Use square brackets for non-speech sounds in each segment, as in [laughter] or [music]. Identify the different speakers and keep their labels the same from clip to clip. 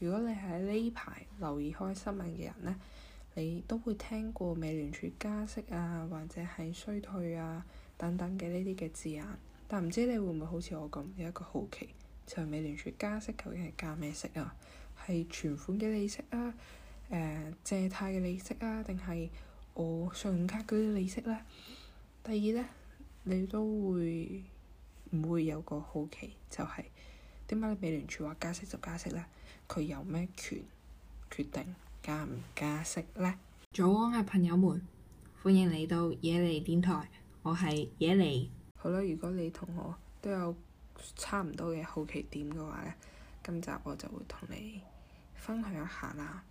Speaker 1: 如果你係呢排留意開新聞嘅人咧，你都會聽過美聯儲加息啊，或者係衰退啊等等嘅呢啲嘅字眼。但唔知你會唔會好似我咁有一個好奇，就係、是、美聯儲加息究竟係加咩息啊？係存款嘅利息啊，誒、呃、借貸嘅利息啊，定係我信用卡嗰啲利息咧？第二咧，你都會唔會有個好奇，就係、是？點解美聯儲話加息就加息咧？佢有咩權決定加唔加息咧？早安呀，朋友們，歡迎嚟到野尼電台，我係野尼。好啦，如果你同我都有差唔多嘅好奇點嘅話咧，今集我就會同你分享一下啦。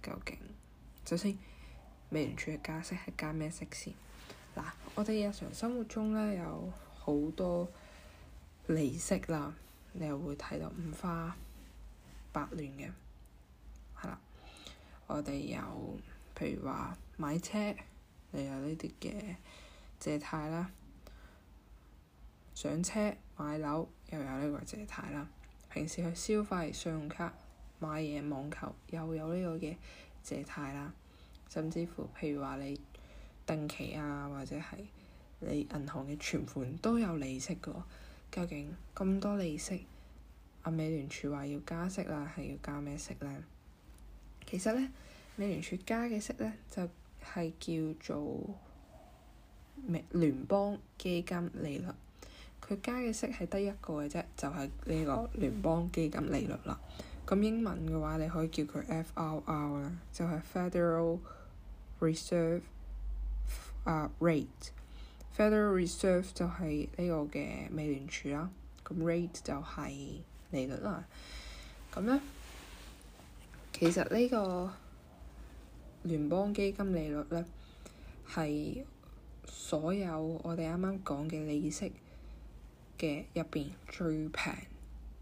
Speaker 1: 究竟首先，美聯儲嘅加息係加咩息先？嗱，我哋日常生活中咧，有好多利息啦。你又會睇到五花八亂嘅，係啦，我哋有譬如話買車，你有呢啲嘅借貸啦；上車買樓又有呢個借貸啦。平時去消費，信用卡買嘢，網購又有呢個嘅借貸啦。甚至乎譬如話你定期啊，或者係你銀行嘅存款都有利息嘅。究竟咁多利息，阿美聯儲話要加息啦，係要加咩息咧？其實咧，美聯儲加嘅息咧就係、是、叫做聯邦基金利率，佢加嘅息係得一個嘅啫，就係、是、呢個聯邦基金利率啦。咁英文嘅話，你可以叫佢 F.R.R 啦，就係 Federal Reserve、uh, Rate。Federal Reserve 就係呢個嘅美聯儲啦，咁 rate 就係利率啦。咁咧，其實呢個聯邦基金利率咧，係所有我哋啱啱講嘅利息嘅入邊最平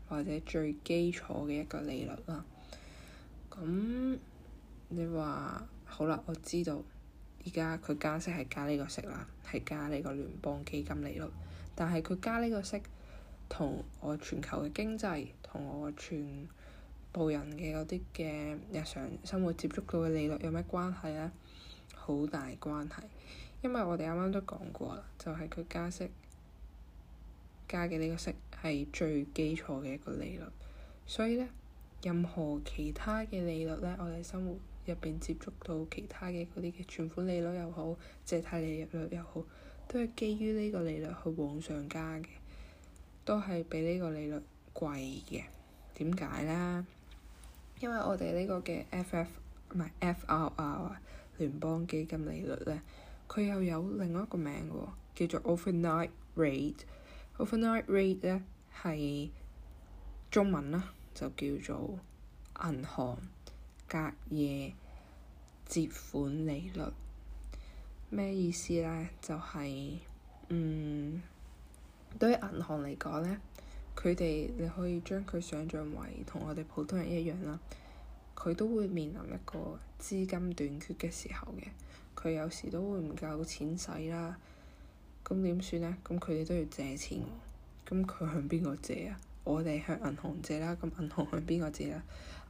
Speaker 1: 或者最基礎嘅一個利率啦。咁你話好啦，我知道。而家佢加息係加呢個息啦，係加呢個聯邦基金利率。但係佢加呢個息同我全球嘅經濟同我全部人嘅嗰啲嘅日常生活接觸到嘅利率有咩關係咧？好大關係，因為我哋啱啱都講過啦，就係佢加息加嘅呢個息係最基礎嘅一個利率，所以咧任何其他嘅利率咧，我哋生活入邊接觸到其他嘅嗰啲嘅存款利率又好，借貸利率又好，都係基於呢個利率去往上加嘅，都係比呢個利率貴嘅。點解呢？因為我哋呢個嘅 F F 唔係 F R R 啊，聯邦基金利率呢，佢又有另外一個名嘅叫做 overnight rate。overnight rate 呢，係中文啦，就叫做銀行。隔夜借款利率咩意思咧？就係、是、嗯，對於銀行嚟講咧，佢哋你可以將佢想象為同我哋普通人一樣啦。佢都會面臨一個資金短缺嘅時候嘅，佢有時都會唔夠錢使啦。咁點算咧？咁佢哋都要借錢，咁佢向邊個借啊？我哋向銀行借啦，咁銀行向邊個借咧？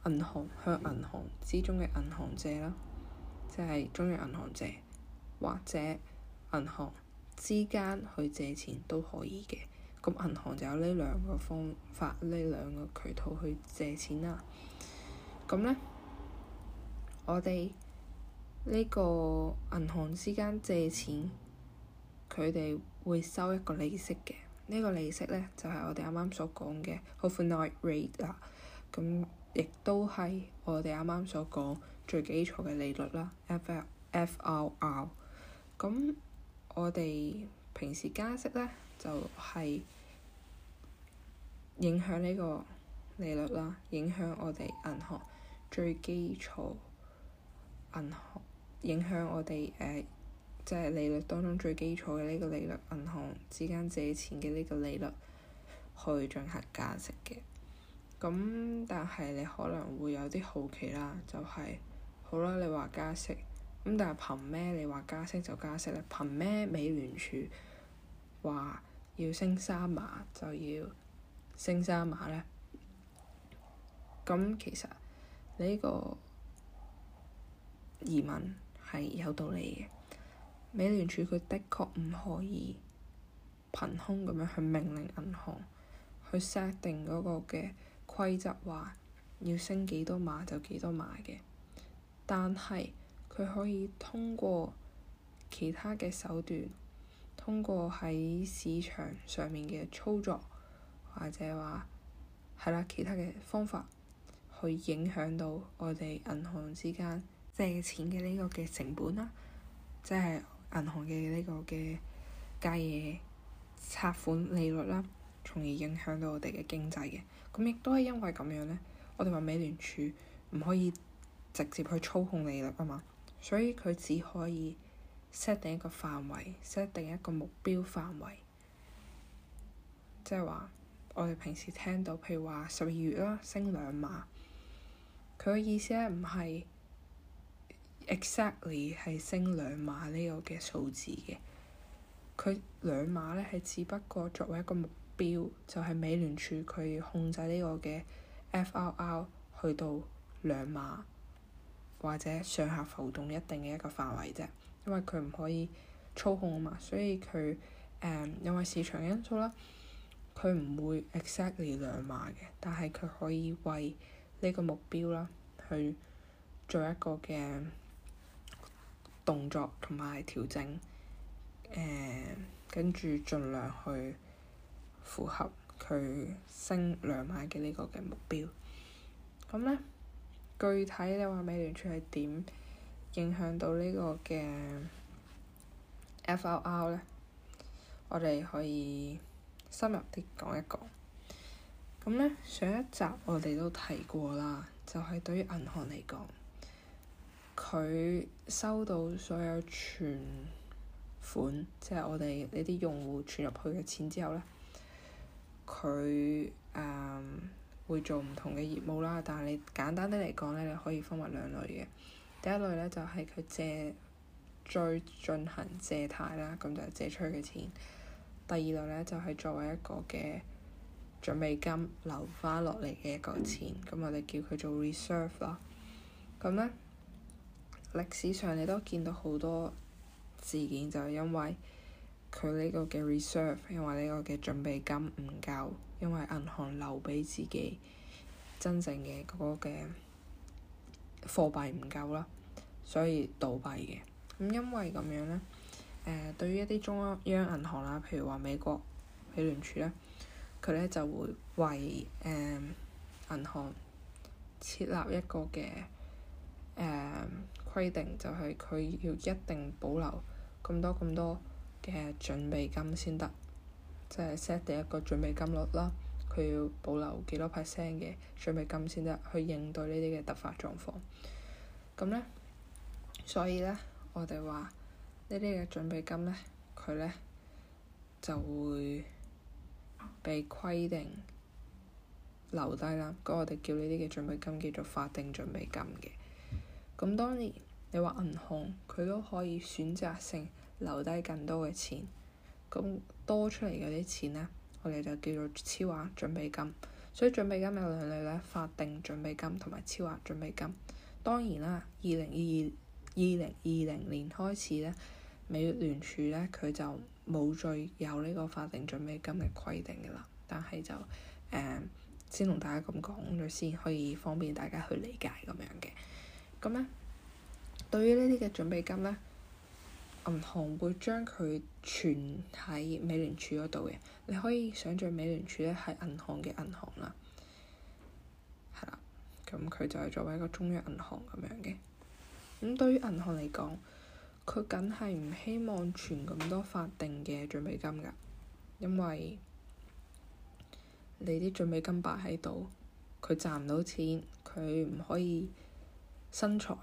Speaker 1: 銀行向銀行之中嘅銀行借啦，即係中央銀行借，或者銀行之間去借錢都可以嘅。咁銀行就有呢兩個方法，呢兩個渠道去借錢啦。咁咧，我哋呢個銀行之間借錢，佢哋會收一個利息嘅。呢個利息咧就係、是、我哋啱啱所講嘅 overnight rate 啦，咁的亦都係我哋啱啱所講最基礎嘅利率啦，F F R。咁我哋平時加息咧就係、是、影響呢個利率啦，影響我哋銀行最基礎銀行，影響我哋誒。呃即係利率當中最基礎嘅呢個利率，銀行之間借錢嘅呢個利率去進行加息嘅。咁但係你可能會有啲好奇啦，就係、是、好啦，你話加息咁，但係憑咩你話加息就加息咧？憑咩美聯儲話要升三碼就要升三碼咧？咁其實呢個疑問係有道理嘅。美聯儲佢的確唔可以憑空咁樣去命令銀行去 set 定嗰個嘅規則，話要升幾多碼就幾多碼嘅。但係佢可以通過其他嘅手段，通過喺市場上面嘅操作，或者話係啦，其他嘅方法去影響到我哋銀行之間借錢嘅呢個嘅成本啦，即係。銀行嘅呢、這個嘅隔夜拆款利率啦，從而影響到我哋嘅經濟嘅。咁亦都係因為咁樣咧，我哋話美聯儲唔可以直接去操控利率啊嘛，所以佢只可以 set 定一個範圍，set 定一個目標範圍。即係話我哋平時聽到，譬如話十二月啦升兩碼，佢嘅意思咧唔係。exactly 係升兩碼呢個嘅數字嘅，佢兩碼咧係只不過作為一個目標，就係、是、美聯儲佢控制呢個嘅 FRR 去到兩碼或者上下浮動一定嘅一個範圍啫。因為佢唔可以操控啊嘛，所以佢誒、嗯、因為市場因素啦，佢唔會 exactly 兩碼嘅，但係佢可以為呢個目標啦去做一個嘅。動作同埋調整，誒、嗯，跟住盡量去符合佢升兩下嘅呢個嘅目標。咁咧，具體你話美聯儲係點影響到個呢個嘅 FRR 咧？我哋可以深入啲講一講。咁咧，上一集我哋都提過啦，就係、是、對於銀行嚟講。佢收到所有存款，即係我哋呢啲用戶存入去嘅錢之後咧，佢誒、嗯、會做唔同嘅業務啦。但係你簡單啲嚟講咧，你可以分為兩類嘅。第一類咧就係、是、佢借，再進行借貸啦，咁就係借出去嘅錢。第二類咧就係、是、作為一個嘅準備金留翻落嚟嘅一個錢，咁我哋叫佢做 reserve 啦。咁咧～歷史上你都見到好多事件，就係因為佢呢個嘅 reserve，因為呢個嘅準備金唔夠，因為銀行留畀自己真正嘅嗰個嘅貨幣唔夠啦，所以倒閉嘅。咁因為咁樣咧，誒、呃、對於一啲中央銀行啦，譬如話美國美聯儲咧，佢咧就會為誒銀、呃、行設立一個嘅。誒、嗯、規定就係佢要一定保留咁多咁多嘅準備金先得，即係 set 第一個準備金率啦。佢要保留幾多 percent 嘅準備金先得，去應對呢啲嘅突發狀況。咁咧，所以咧，我哋話呢啲嘅準備金咧，佢咧就會被規定留低啦。咁我哋叫呢啲嘅準備金叫做法定準備金嘅。咁當然，你話銀行佢都可以選擇性留低更多嘅錢，咁多出嚟嗰啲錢呢，我哋就叫做超額準備金。所以準備金有兩類咧，法定準備金同埋超額準備金。當然啦，二零二二零二零年開始呢，美聯儲呢，佢就冇再有呢個法定準備金嘅規定嘅啦。但係就誒、嗯、先同大家咁講咗先，可以方便大家去理解咁樣嘅。咁咧，對於呢啲嘅準備金咧，銀行會將佢存喺美聯儲嗰度嘅。你可以想像美聯儲咧係銀行嘅銀行啦，係啦。咁佢就係作為一個中央銀行咁樣嘅。咁對於銀行嚟講，佢梗係唔希望存咁多法定嘅準備金㗎，因為你啲準備金擺喺度，佢賺唔到錢，佢唔可以。身材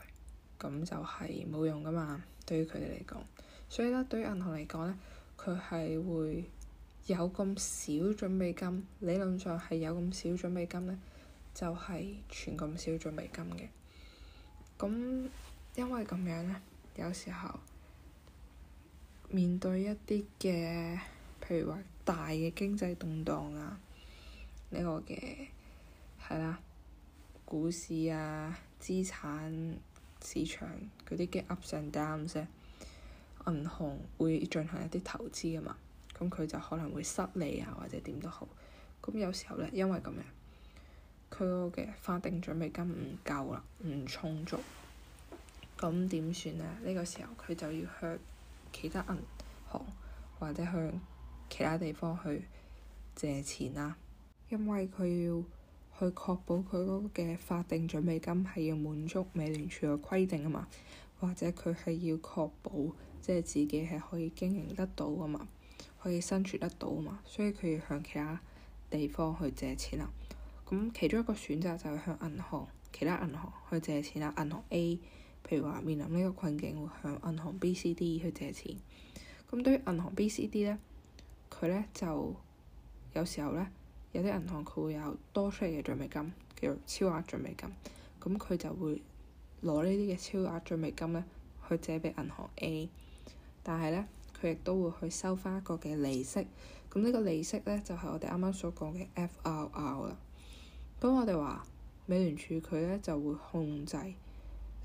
Speaker 1: 咁就係冇用噶嘛，對於佢哋嚟講，所以咧對於銀行嚟講咧，佢係會有咁少準備金，理論上係有咁少準備金咧，就係存咁少準備金嘅。咁因為咁樣咧，有時候面對一啲嘅，譬如話大嘅經濟動盪啊，呢個嘅係啦，股市啊。資產市場嗰啲嘅 ups and downs，銀行會進行一啲投資啊嘛，咁佢就可能會失利啊，或者點都好。咁有時候咧，因為咁樣，佢個嘅法定準備金唔夠啦，唔充足，咁點算咧？呢個時候佢就要向其他銀行或者向其他地方去借錢啦，因為佢要。去確保佢嗰個嘅法定準備金係要滿足美聯儲嘅規定啊嘛，或者佢係要確保即係、就是、自己係可以經營得到啊嘛，可以生存得到啊嘛，所以佢要向其他地方去借錢啦。咁其中一個選擇就係向銀行、其他銀行去借錢啦。銀行 A，譬如話面臨呢個困境，會向銀行 B、C、D 去借錢。咁對於銀行 B、C、D 咧，佢咧就有時候咧。有啲銀行佢會有多出嚟嘅準備金，叫做超額準備金。咁佢就會攞呢啲嘅超額準備金咧去借畀銀行 A，但係咧佢亦都會去收翻一個嘅利息。咁呢個利息咧就係、是、我哋啱啱所講嘅 FFR 啦。咁我哋話美聯儲佢咧就會控制呢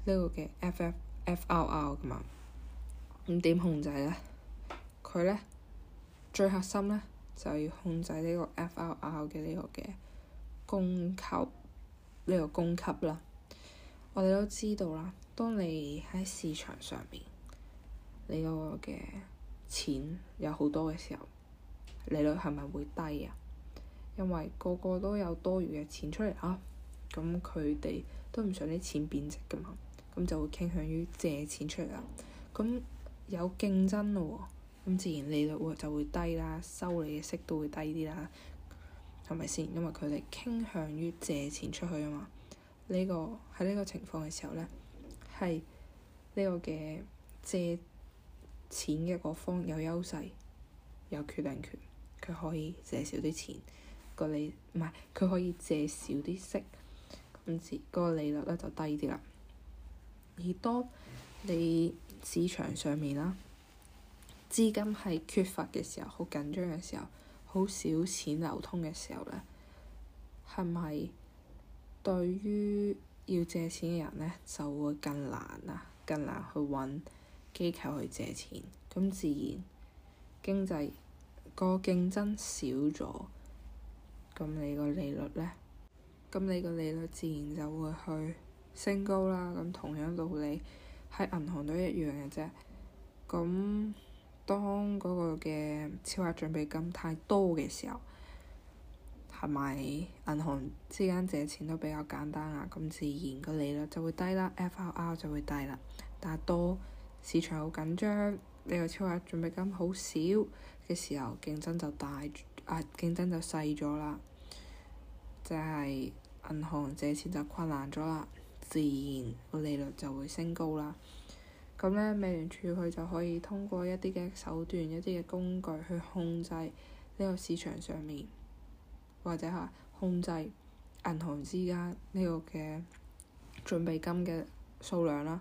Speaker 1: 個嘅 FFR 噶嘛？咁點控制咧？佢咧最核心咧，就要控制呢個 f l r 嘅呢個嘅供給呢、呢個供給啦。我哋都知道啦，當你喺市場上面，你個嘅錢有好多嘅時候，利率係咪會低啊？因為個個都有多餘嘅錢出嚟啊，咁佢哋都唔想啲錢貶值噶嘛，咁就會傾向於借錢出嚟啊。咁有競爭咯喎、哦、～咁自然利率就會低啦，收你嘅息都會低啲啦，係咪先？因為佢哋傾向於借錢出去啊嘛。呢、呢個喺呢個情況嘅時候咧，係呢個嘅借錢嘅嗰方有優勢，有決定權，佢可以借少啲錢，個利唔係佢可以借少啲息，咁至、嗰個利率咧就低啲啦。而當你市場上面啦～資金係缺乏嘅時候，好緊張嘅時候，好少錢流通嘅時候咧，係咪係對於要借錢嘅人咧就會更難啊？更難去搵機構去借錢，咁自然經濟個競爭少咗，咁你個利率咧，咁你個利率自然就會去升高啦。咁同樣道理喺銀行都一樣嘅啫，咁。當嗰個嘅超額準備金太多嘅時候，係咪銀行之間借錢都比較簡單啊？咁自然個利率就會低啦，FRR 就會低啦。但係多市場好緊張，呢個超額準備金好少嘅時候，競爭就大，啊競爭就細咗啦，就係、係、銀行借錢就困難咗啦，自然個利率就會升高啦。咁咧，美聯儲佢就可以通過一啲嘅手段、一啲嘅工具去控制呢個市場上面，或者話控制銀行之間呢個嘅準備金嘅數量啦，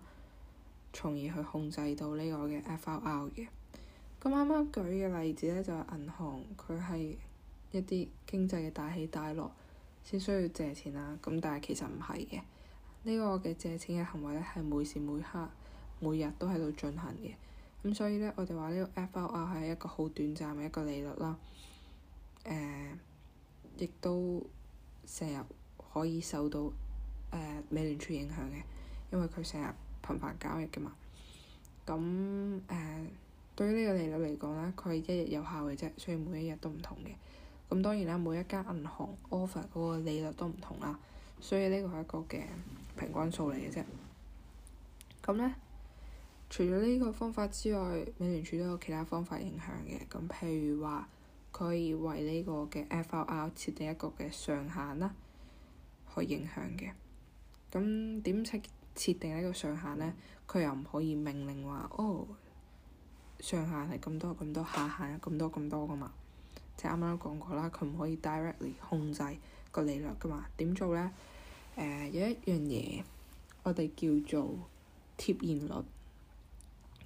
Speaker 1: 從而去控制到呢個嘅 FFR 嘅。咁啱啱舉嘅例子咧，就係、是、銀行佢係一啲經濟嘅大起大落先需要借錢啦。咁但係其實唔係嘅，呢、這個嘅借錢嘅行為咧係每時每刻。每日都喺度進行嘅，咁所以咧，我哋話呢個 EFFR 係一個好短暫嘅一個利率啦。誒、呃，亦都成日可以受到誒、呃、美聯儲影響嘅，因為佢成日頻繁交易㗎嘛。咁誒、呃，對於呢個利率嚟講咧，佢係一日有效嘅啫，所以每一日都唔同嘅。咁當然啦，每一間銀行 offer 嗰個利率都唔同啦，所以呢個係一個嘅平均數嚟嘅啫。咁咧～除咗呢個方法之外，美聯儲都有其他方法影響嘅。咁譬如話，佢可以為呢個嘅 f l r 設定一個嘅上限啦，去影響嘅。咁點設設定呢個上限咧？佢又唔可以命令話哦，上限係咁多咁多，下限咁多咁多㗎嘛？即係啱啱講過啦，佢唔可以 directly 控制個利率㗎嘛？點做咧？誒、呃、有一樣嘢，我哋叫做貼現率。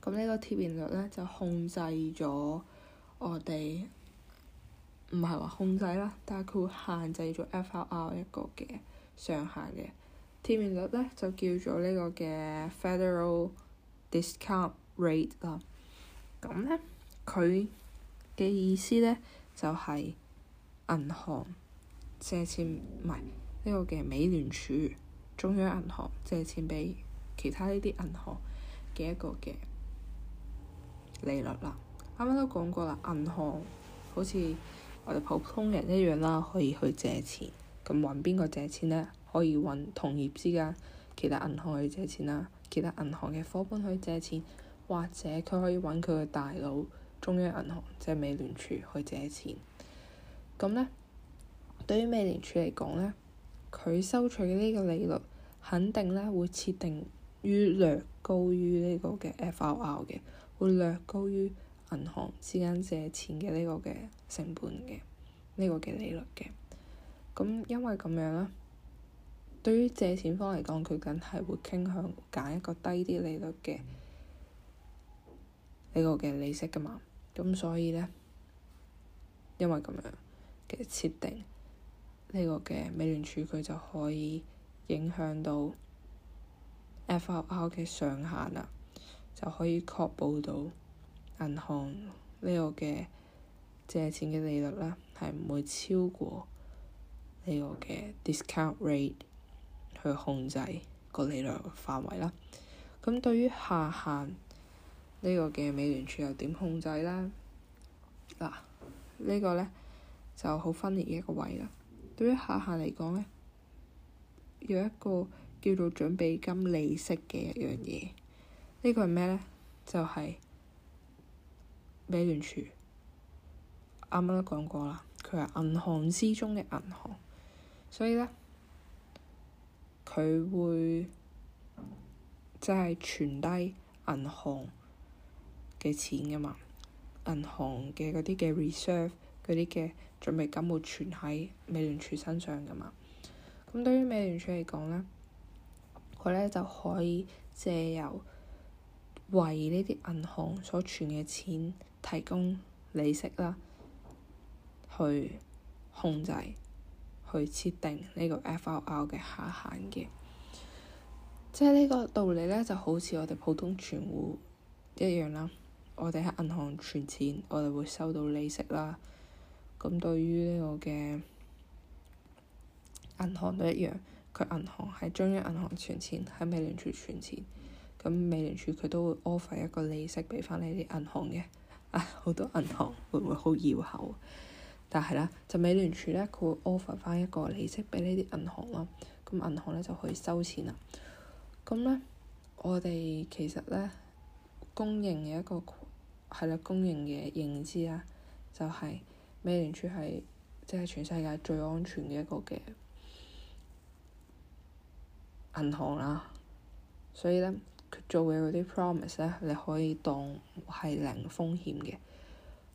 Speaker 1: 咁呢個貼面率咧，就控制咗我哋，唔係話控制啦，但係佢會限制咗 F.R.R 一個嘅上限嘅。貼現率咧，就叫做呢個嘅 Federal Discount Rate 啦。咁咧，佢嘅意思咧就係銀行借錢，唔係呢個嘅美聯儲中央銀行借錢俾其他呢啲銀行嘅一個嘅。利率啦，啱啱都講過啦。銀行好似我哋普通人一樣啦，可以去借錢。咁揾邊個借錢呢？可以揾同業之間，其他銀行去借錢啦，其他銀行嘅夥伴去借錢，或者佢可以揾佢嘅大佬，中央銀行即係、就是、美聯儲去借錢。咁呢，對於美聯儲嚟講呢，佢收取嘅呢個利率，肯定呢會設定於略高於呢個嘅 F.L.R. 嘅。會略高於銀行之間借錢嘅呢個嘅成本嘅呢個嘅利率嘅，咁因為咁樣啦，對於借錢方嚟講，佢梗係會傾向揀一個低啲利率嘅呢個嘅利息噶嘛，咁所以咧，因為咁樣嘅設定，呢個嘅美聯儲佢就可以影響到 FRR 嘅上限啊。就可以確保到銀行呢個嘅借錢嘅利率咧，係唔會超過呢個嘅 discount rate 去控制個利率嘅範圍啦。咁對於下限呢個嘅美聯儲又點控制咧？嗱，這個、呢個咧就好分裂嘅一個位啦。對於下限嚟講咧，有一個叫做準備金利息嘅一樣嘢。個呢個係咩咧？就係、是、美聯儲啱啱都講過啦。佢係銀行之中嘅銀行，所以咧，佢會即係存低銀行嘅錢噶嘛。銀行嘅嗰啲嘅 reserve 嗰啲嘅準備金會存喺美聯儲身上噶嘛。咁對於美聯儲嚟講咧，佢咧就可以借由為呢啲銀行所存嘅錢提供利息啦，去控制、去設定呢個 FLO 嘅下限嘅。即係呢個道理咧，就好似我哋普通存戶一樣啦。我哋喺銀行存錢，我哋會收到利息啦。咁對於呢個嘅銀行都一樣，佢銀行喺中央銀行存錢，喺美聯儲存錢。咁美聯儲佢都會 offer 一個利息畀翻你啲銀行嘅，啊 [laughs] 好多銀行會唔會好繞口，但係啦，就美聯儲咧，佢會 offer 翻一個利息畀呢啲銀行啦，咁銀行咧就可以收錢啦。咁咧，我哋其實咧公認嘅一個係啦，公認嘅認知啦、啊，就係、是、美聯儲係即係全世界最安全嘅一個嘅銀行啦，所以咧。佢做嘅嗰啲 promise 咧，你可以當係零風險嘅，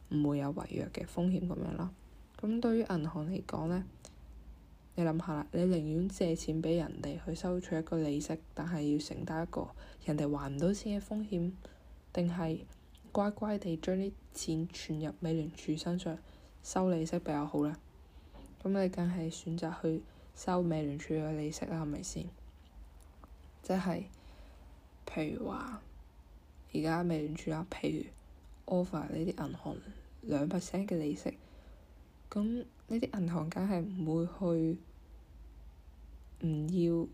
Speaker 1: 唔會有違約嘅風險咁樣咯。咁對於銀行嚟講咧，你諗下啦，你寧願借錢俾人哋去收取一個利息，但係要承擔一個人哋還唔到錢嘅風險，定係乖乖哋將啲錢存入美聯儲身上收利息比較好咧？咁你梗係選擇去收美聯儲嘅利息啦，係咪先？即係。譬如話，而家美聯儲啦，譬如 offer 呢啲銀行兩 percent 嘅利息，咁呢啲銀行梗係唔會去唔要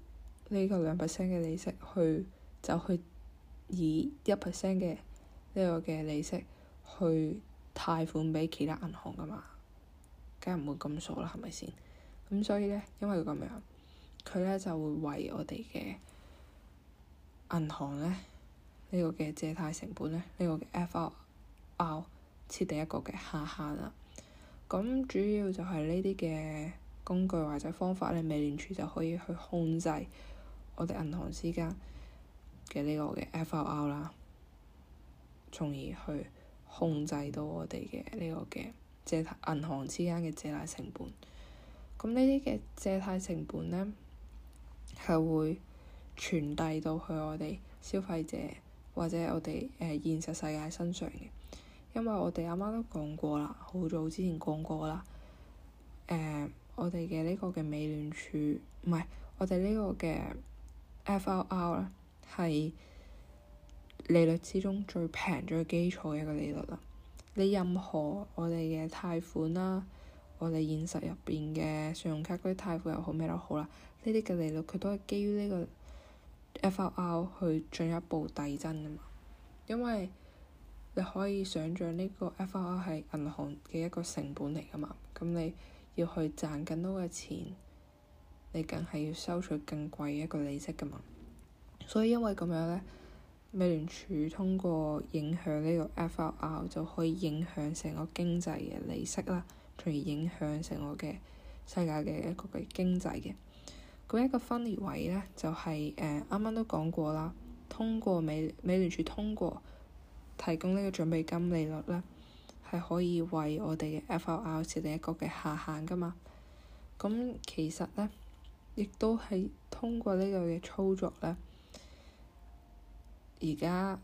Speaker 1: 呢個兩 percent 嘅利息去，去就去以一 percent 嘅呢個嘅利息去貸款畀其他銀行㗎嘛，梗係唔會咁傻啦，係咪先？咁所以咧，因為咁樣，佢咧就會為我哋嘅。銀行咧呢、這個嘅借貸成本咧呢、這個嘅 F.O.R 設定一個嘅下限啦。咁主要就係呢啲嘅工具或者方法咧，美聯儲就可以去控制我哋銀行之間嘅呢個嘅 F.O.R 啦，從而去控制到我哋嘅呢個嘅借貸銀行之間嘅借貸成本。咁呢啲嘅借貸成本咧係會。傳遞到去我哋消費者或者我哋誒、呃、現實世界身上嘅，因為我哋啱啱都講過啦，好早之前講過啦。誒、呃，我哋嘅呢個嘅美聯儲唔係我哋呢個嘅 F.R.R. 咧，係利率之中最平最基礎嘅一個利率啦。你任何我哋嘅貸款啦，我哋現實入邊嘅信用卡嗰啲貸款又好咩都好啦，呢啲嘅利率佢都係基於呢、這個。F.R.R 去進一步遞增㗎嘛，因為你可以想像呢個 F.R.R 係銀行嘅一個成本嚟㗎嘛，咁你要去賺更多嘅錢，你梗係要收取更貴嘅一個利息噶嘛。所以因為咁樣咧，美聯儲通過影響呢個 F.R.R 就可以影響成個經濟嘅利息啦，從而影響成個嘅世界嘅一個嘅經濟嘅。每一個分離位咧，就係誒啱啱都講過啦。通過美美聯儲通過提供呢個準備金利率咧，係可以為我哋嘅 FRR 設定一個嘅下限㗎嘛。咁其實咧，亦都係通過呢個嘅操作咧，而家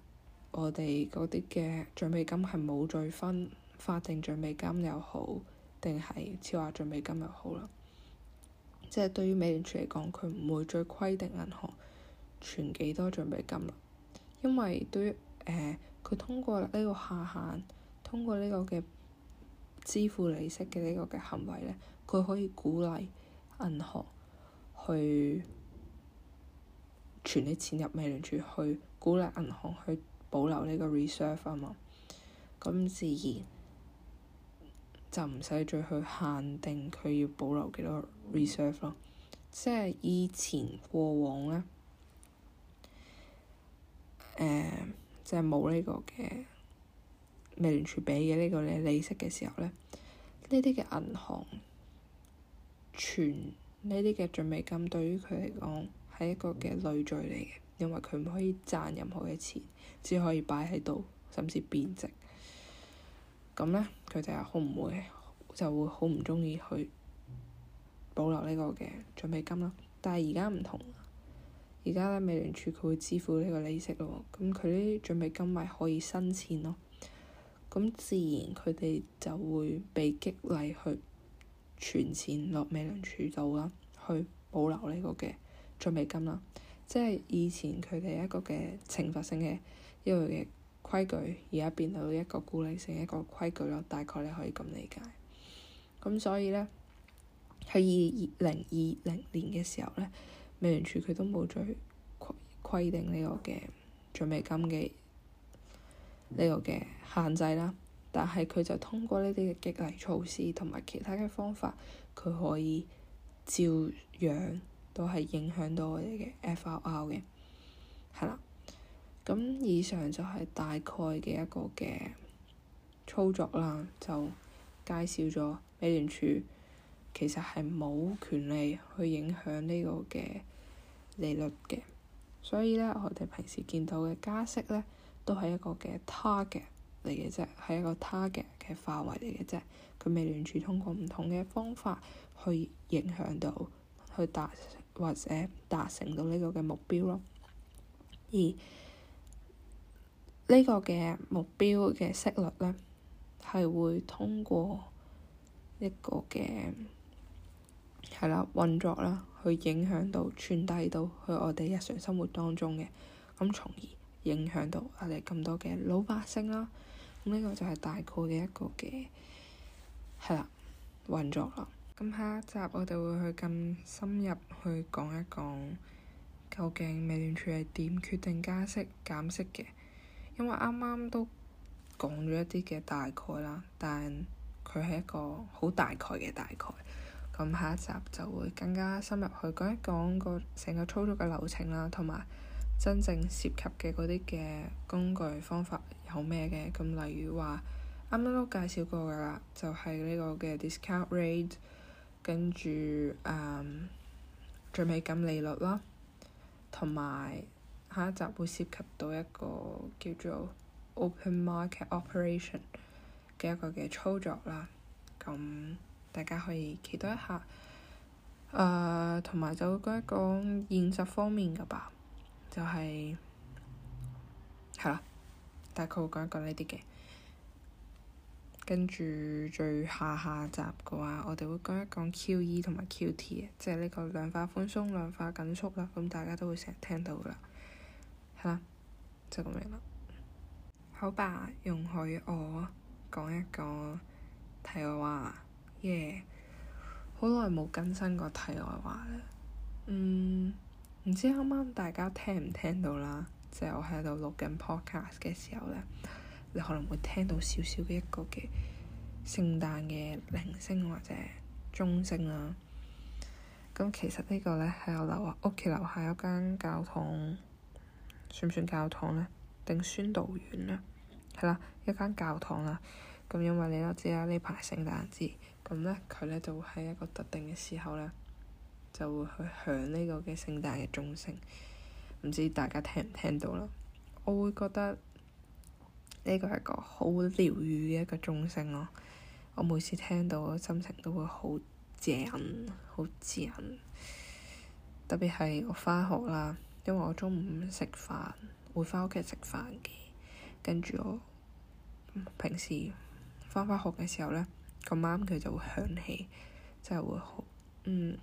Speaker 1: 我哋嗰啲嘅準備金係冇再分法定準備金又好，定係超額準備金又好啦。即係對於美聯儲嚟講，佢唔會再規定銀行存幾多準備金啦，因為對於誒，佢、呃、通過呢個下限，通過呢個嘅支付利息嘅呢個嘅行為咧，佢可以鼓勵銀行去存啲錢入美聯儲，去鼓勵銀行去保留呢個 reserve 啊嘛，咁自然。就唔使再去限定佢要保留幾多個 reserve 咯，即係以前過往咧，誒、呃，即係冇呢個嘅美聯儲俾嘅呢個咧利息嘅時候咧，呢啲嘅銀行存呢啲嘅準備金對於佢嚟講係一個嘅累贅嚟嘅，因為佢唔可以賺任何嘅錢，只可以擺喺度，甚至貶值。咁咧，佢哋係好唔會，就會好唔鍾意去保留呢個嘅準備金啦。但係而家唔同，而家咧，美聯儲佢會支付呢個利息咯。咁佢呢啲準備金咪可以生錢咯。咁自然佢哋就會被激勵去存錢落美聯儲度啦，去保留呢個嘅準備金啦。即係以前佢哋一個嘅懲罰性嘅一個嘅規矩而家變到一個鼓勵性一個規矩咯，大概你可以咁理解。咁所以呢，喺二零二零年嘅時候呢，美聯儲佢都冇再規規定呢個嘅準備金嘅呢個嘅限制啦。但係佢就通過呢啲嘅激勵措施同埋其他嘅方法，佢可以照樣都係影響到我哋嘅 FRR 嘅，係啦。咁以上就係大概嘅一個嘅操作啦，就介紹咗美聯儲其實係冇權利去影響呢個嘅利率嘅，所以咧，我哋平時見到嘅加息咧，都係一個嘅 target 嚟嘅啫，係一個 target 嘅範圍嚟嘅啫。佢美聯儲通過唔同嘅方法去影響到，去達或者達成到呢個嘅目標咯。而。呢個嘅目標嘅息率咧，係會通過一個嘅係啦運作啦，去影響到、傳遞到去我哋日常生活當中嘅，咁從而影響到我哋咁多嘅老百姓啦。咁、嗯、呢、這個就係大概嘅一個嘅係啦運作啦。咁下一集我哋會去更深入去講一講，究竟美聯儲係點決定加息減息嘅？因為啱啱都講咗一啲嘅大概啦，但佢係一個好大概嘅大概。咁下一集就會更加深入去講一講個成個操作嘅流程啦，同埋真正涉及嘅嗰啲嘅工具方法有咩嘅。咁例如話啱啱都介紹過噶啦，就係、是、呢個嘅 discount rate，跟住誒準備金利率啦，同埋，下一集會涉及到一個叫做 Open Market Operation 嘅一個嘅操作啦。咁、嗯、大家可以期待一下。誒、呃，同埋就會講一講現實方面嘅吧，就係、是、係啦，大概會講一講呢啲嘅。跟住最下下集嘅話，我哋會講一講 QE 同埋 QT 即係呢個量化寬鬆、量化緊縮啦。咁大家都會成日聽到噶啦。係啦，就咁樣啦。好吧，容許我講一講體外話。耶，好耐冇更新個體外話啦。嗯，唔知啱啱大家聽唔聽到啦？就係、是、我喺度錄緊 podcast 嘅時候咧，你可能會聽到少少嘅一個嘅聖誕嘅鈴聲或者鐘聲啦。咁其實呢個咧，喺我樓下屋企樓下有一間教堂。算唔算教堂呢？定宣道院呢？係啦，一間教堂啦。咁因為你都知啦，呢排聖誕節，咁咧佢咧就會喺一個特定嘅時候咧，就會去響呢個嘅聖誕嘅鐘聲。唔知大家聽唔聽到啦？我會覺得呢個係一個好療癒嘅一個鐘聲咯、啊。我每次聽到，我心情都會好正，好正。特別係我翻學啦。因為我中午食飯會翻屋企食飯嘅，跟住我、嗯、平時翻返學嘅時候咧，咁啱佢就會響起，真係會好，嗯，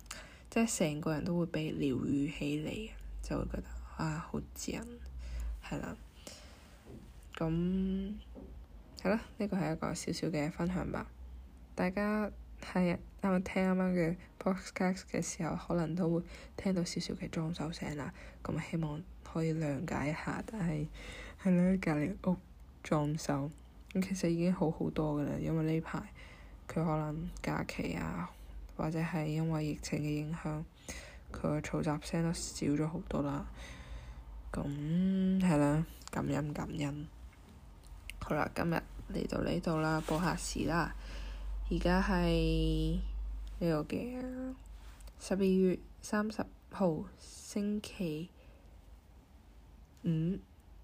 Speaker 1: 即係成個人都會被療愈起嚟，就會覺得啊好正！愈，係啦。咁係啦，呢個係一個小小嘅分享吧，大家。係啊，啱啱聽啱啱嘅 podcast 嘅時候，可能都會聽到少少嘅裝修聲啦。咁、嗯、希望可以諒解一下，但係係啦，隔離屋裝修，咁其實已經好好多噶啦，因為呢排佢可能假期啊，或者係因為疫情嘅影響，佢嘅嘈雜聲都少咗好多啦。咁係啦，感恩感恩。好啦，今日嚟到呢度啦，播下時啦。而家係呢個嘅十二月三十號星期五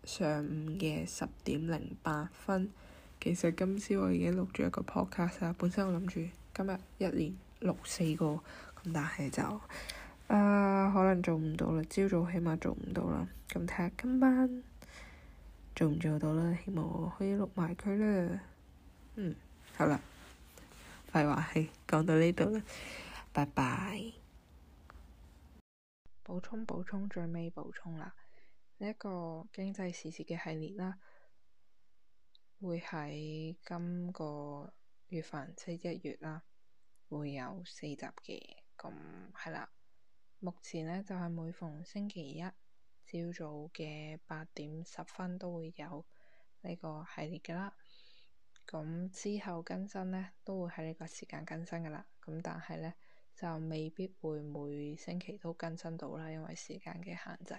Speaker 1: 上午嘅十點零八分。其實今朝我已經錄咗一個 podcast 啦。本身我諗住今日一連錄四個，咁但係就啊、呃、可能做唔到啦。朝早起碼做唔到啦。咁睇下今晚做唔做到啦。希望我可以錄埋佢啦。嗯，好啦。廢話係，講到呢度啦，拜拜。補充補充，最尾補充啦，呢一個經濟時事嘅系列啦，會喺今個月份即一月啦，會有四集嘅。咁係啦，目前呢，就係每逢星期一朝早嘅八點十分都會有呢個系列嘅啦。咁之後更新呢，都會喺呢個時間更新噶啦。咁但係呢，就未必會每星期都更新到啦，因為時間嘅限制。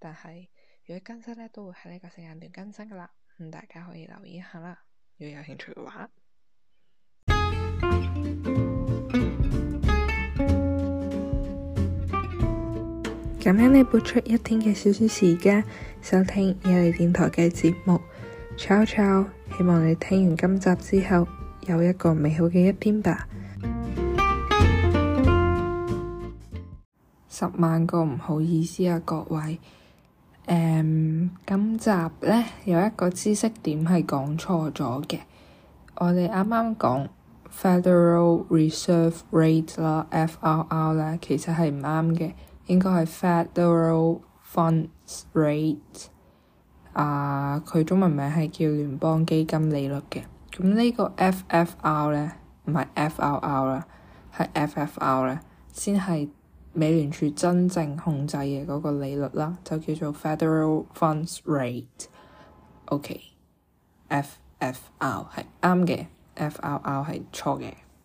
Speaker 1: 但係如果更新呢，都會喺呢個時間段更新噶啦。咁大家可以留意一下啦，如果有興趣嘅話。咁樣你撥出一天嘅少少時間，收聽野麗電台嘅節目。超超，ciao, ciao. 希望你聽完今集之後有一個美好嘅一天吧。十萬個唔好意思啊，各位，誒，um，今集呢有一個知識點係講錯咗嘅。我哋啱啱講 Federal Reserve Rate 啦，F.R.R. 啦，其實係唔啱嘅，應該係 Federal Funds Rate。啊，佢、uh, 中文名係叫聯邦基金利率嘅。咁呢個 F F R 咧，唔係 F R R 啦，係 F F R 咧，先係美聯儲真正控制嘅嗰個利率啦，就叫做 Federal Funds Rate，okay。OK，F F R 係啱嘅，F R R 係錯嘅。